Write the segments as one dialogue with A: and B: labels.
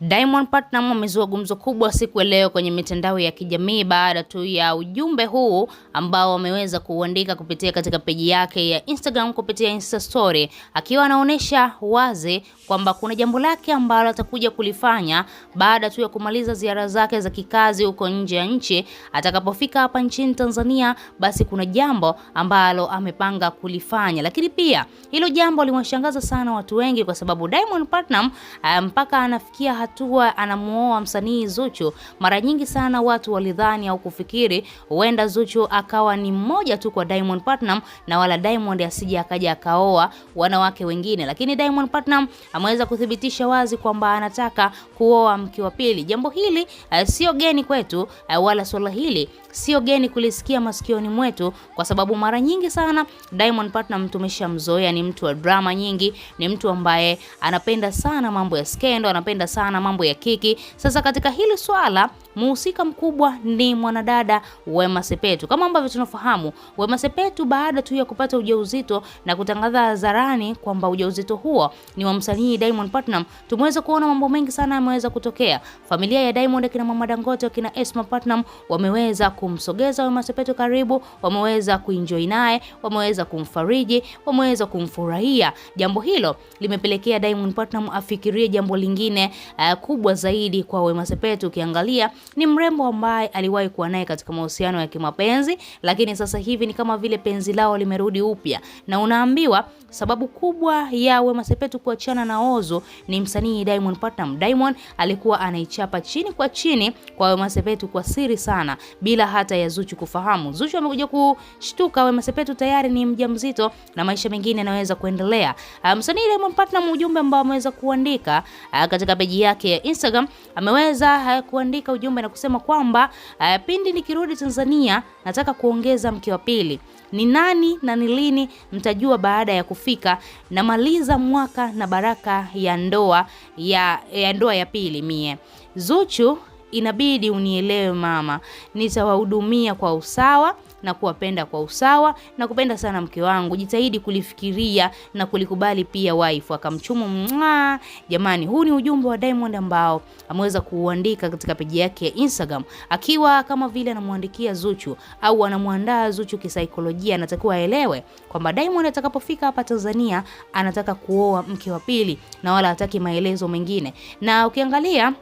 A: Diamond Platnumz amezua gumzo kubwa siku ya leo kwenye mitandao ya kijamii baada tu ya ujumbe huu ambao ameweza kuuandika kupitia katika peji yake ya Instagram kupitia Insta story, akiwa anaonesha wazi kwamba kuna jambo lake ambalo atakuja kulifanya baada tu ya kumaliza ziara zake za kikazi huko nje ya nchi. Atakapofika hapa nchini Tanzania, basi kuna jambo ambalo amepanga kulifanya, lakini pia hilo jambo limewashangaza sana watu wengi kwa sababu Diamond Platnumz eh, mpaka anafikia hatua anamuoa msanii Zuchu, mara nyingi sana watu walidhani au kufikiri huenda Zuchu akawa ni mmoja tu kwa Diamond Platinum na wala Diamond asije akaja akaoa wanawake wengine, lakini Diamond Platinum ameweza kuthibitisha wazi kwamba anataka kuoa mke wa pili. Jambo hili uh, sio geni kwetu uh, wala swala hili sio geni kulisikia masikioni mwetu, kwa sababu mara nyingi sana Diamond Platnumz tumeshamzoea, ni mtu wa drama nyingi, ni mtu ambaye anapenda sana mambo ya skendo, anapenda sana na mambo ya keki. Sasa katika hili swala muhusika mkubwa ni mwanadada Wema Sepetu. Kama ambavyo tunafahamu, Wema Sepetu baada tu ya kupata ujauzito na kutangaza hadharani kwamba ujauzito huo ni wa msanii Diamond Platinum, tumeweza kuona mambo mengi sana yameweza kutokea. Familia ya Diamond akina Mama Dangote akina Esma Platinum wameweza kumsogeza Wema Sepetu karibu, wameweza kuenjoy naye, wameweza kumfariji, wameweza kumfurahia. Jambo hilo limepelekea Diamond Platinum afikirie jambo lingine uh, kubwa zaidi kwa Wema Sepetu. Ukiangalia ni mrembo ambaye aliwahi kuwa naye katika mahusiano ya kimapenzi, lakini sasa hivi ni kama vile penzi lao limerudi upya, na unaambiwa sababu kubwa ya Wema Sepetu kuachana na Ozo ni msanii Diamond Platinum. Diamond alikuwa anaichapa chini kwa chini kwa Wema Sepetu kwa siri sana, bila hata ya Zuchu kufahamu. Zuchu amekuja kushtuka Wema Sepetu tayari ni mjamzito na maisha mengine yanaweza kuendelea. Ah, msanii Diamond Platinum, ujumbe ambao ameweza kuandika ah, katika peji yake ya Instagram, ameweza ah, kuandika ujumbe Manyumba na kusema kwamba uh, pindi nikirudi Tanzania nataka kuongeza mke wa pili. Ni nani na ni lini mtajua baada ya kufika. Namaliza mwaka na baraka ya ndoa ya, ya ndoa ya pili mie. Zuchu inabidi unielewe mama, nitawahudumia kwa usawa na kuwapenda kwa usawa na kupenda sana mke wangu, jitahidi kulifikiria na kulikubali pia wife. Akamchumu mwa. Jamani, huu ni ujumbe wa Diamond ambao ameweza kuuandika katika peji yake ya Instagram, akiwa kama vile anamwandikia Zuchu au anamwandaa Zuchu kisaikolojia. Anatakiwa aelewe kwamba Diamond atakapofika hapa Tanzania anataka kuoa mke wa pili na wala hataki maelezo mengine, na ukiangalia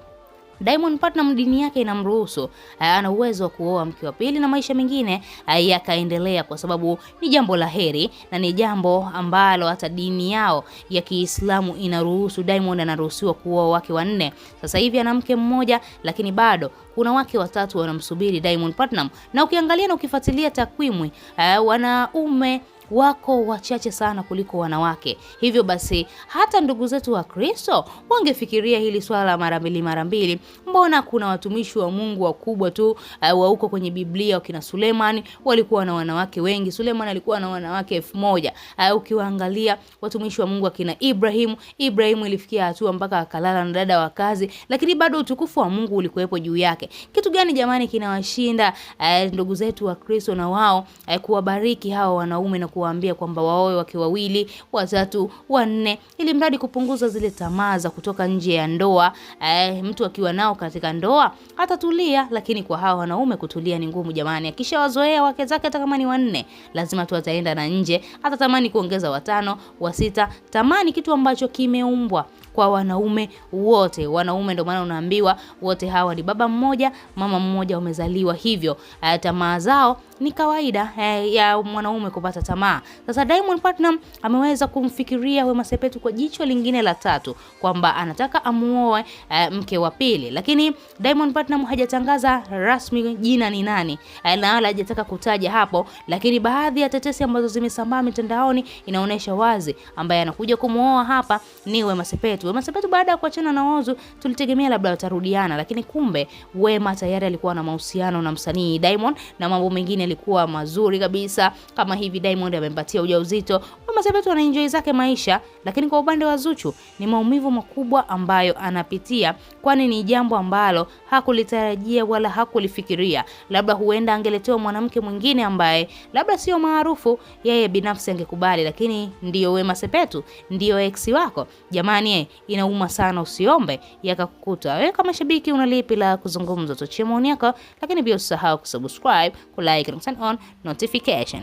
A: Diamond Platnumz dini yake inamruhusu, eh, ana uwezo wa kuoa mke wa pili na maisha mengine eh, yakaendelea, kwa sababu ni jambo la heri na ni jambo ambalo hata dini yao ya Kiislamu inaruhusu. Diamond anaruhusiwa kuoa wake wanne, sasa hivi ana mke mmoja, lakini bado kuna wake watatu wanamsubiri Diamond Platnumz, na ukiangalia na ukifuatilia takwimu eh, wanaume wako wachache sana kuliko wanawake. Hivyo basi hata ndugu zetu wa Kristo wangefikiria hili swala mara mbili mara mbili. Mbona kuna watumishi wa Mungu wakubwa tu uh, wa huko kwenye Biblia wakina suleman walikuwa na wanawake wengi. Suleman alikuwa na wanawake elfu moja. Uh, ukiwaangalia watumishi wa Mungu akina Ibrahimu, Ibrahimu ilifikia hatua mpaka akalala na dada wa kazi, lakini bado utukufu wa Mungu ulikuwepo juu yake. Kitu gani jamani kinawashinda uh, ndugu zetu wa Kristo na wao uh, kuwabariki hawa wanaume na kuwaambia kwamba waoe wake wawili, watatu, wanne, ili mradi kupunguza zile tamaa za kutoka nje ya ndoa. Eh, mtu akiwa nao katika ndoa atatulia, lakini kwa hawa wanaume kutulia ni ngumu jamani. Akishawazoea wake zake, hata kama ni wanne, lazima tu ataenda na nje, hata tamani kuongeza watano, wa sita, tamani kitu ambacho kimeumbwa kwa wanaume wote. Wanaume ndio maana unaambiwa wote hawa ni baba mmoja, mama mmoja, wamezaliwa hivyo. Eh, tamaa zao ni kawaida eh, ya mwanaume kupata tamaa. Sasa Diamond Platinum ameweza kumfikiria Wema Sepetu kwa jicho lingine la tatu, kwamba anataka amuoe eh, mke wa pili, lakini Diamond Platinum hajatangaza rasmi jina ni nani eh, na wala hajataka kutaja hapo, lakini baadhi ya tetesi ambazo zimesambaa mitandaoni inaonyesha wazi ambaye anakuja kumuoa hapa ni Wema Sepetu. Wema Sepetu baada ya kuachana na Ozu tulitegemea labda watarudiana, lakini kumbe Wema tayari alikuwa na mahusiano na msanii Diamond na mambo mengine yalikuwa mazuri kabisa. Kama hivi Diamond amempatia ujauzito, Wema Sepetu anaenjoy zake maisha, lakini kwa upande wa Zuchu ni maumivu makubwa ambayo anapitia, kwani ni jambo ambalo hakulitarajia wala hakulifikiria. Labda huenda angeletewa mwanamke mwingine ambaye labda sio maarufu, yeye binafsi angekubali, lakini ndiyo Wema Sepetu, ndiyo ex wako jamani, eh, inauma sana, usiombe yakakukuta. Wewe kama shabiki una lipi la kuzungumza? Tuachie maoni yako, lakini pia usisahau kusubscribe, kulike na turn on notification.